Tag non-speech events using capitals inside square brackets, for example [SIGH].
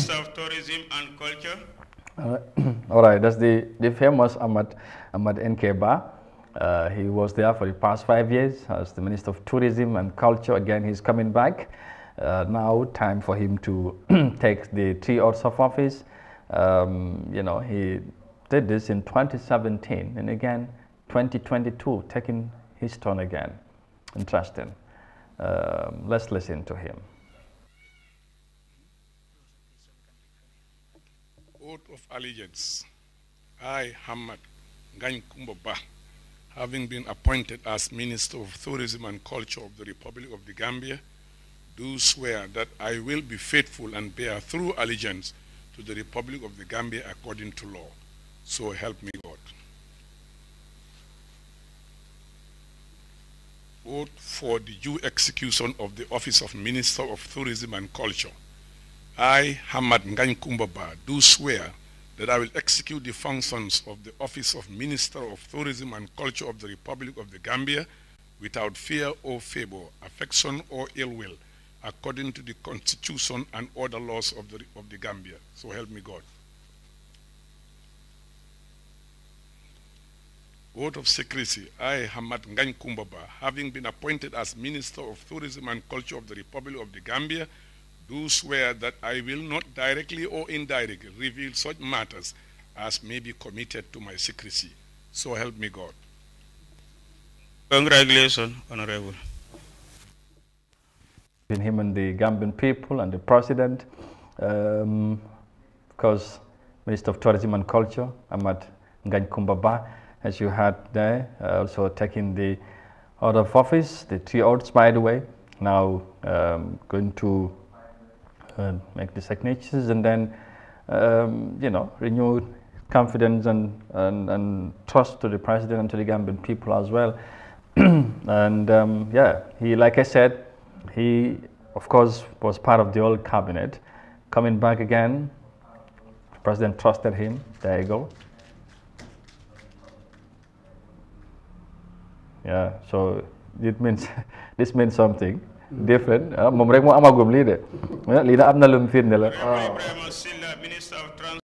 Minister of Tourism and Culture. [CLEARS THROAT] All right, that's the, the famous Ahmad, Ahmad Nkeba. Uh, he was there for the past five years as the Minister of Tourism and Culture. Again, he's coming back. Uh, now, time for him to [CLEARS THROAT] take the three oaths of office. Um, you know, he did this in 2017 and again 2022, taking his turn again. Interesting. Um, let's listen to him. of Allegiance, I, Hamad Gankumbaba, having been appointed as Minister of Tourism and Culture of the Republic of the Gambia, do swear that I will be faithful and bear true allegiance to the Republic of the Gambia according to law. So help me God. Vote for the due execution of the office of Minister of Tourism and Culture. I, Hamad Gankumbaba do swear that I will execute the functions of the Office of Minister of Tourism and Culture of the Republic of the Gambia without fear or favor, affection or ill will, according to the Constitution and other laws of the, of the Gambia. So help me God. Vote of secrecy. I, Hamad Ngankumbaba, having been appointed as Minister of Tourism and Culture of the Republic of the Gambia, do swear that I will not directly or indirectly reveal such matters as may be committed to my secrecy. So help me God. Congratulations, Honorable. Between him and the Gambian people and the president, um, of course, Minister of Tourism and Culture, Ahmad Ngankumbaba, as you had there, uh, also taking the out of office, the three oaths, by the way, now um, going to uh, make the signatures and then um, you know renew confidence and, and, and trust to the president and to the Gambian people as well. [CLEARS THROAT] and um, yeah, he, like I said, he of course was part of the old cabinet. Coming back again, the president trusted him. There you go. Yeah, so it means [LAUGHS] this means something. Mm. different ah, moom rek moo amagum lii de ah, lii na am na lu mu firnde la ah.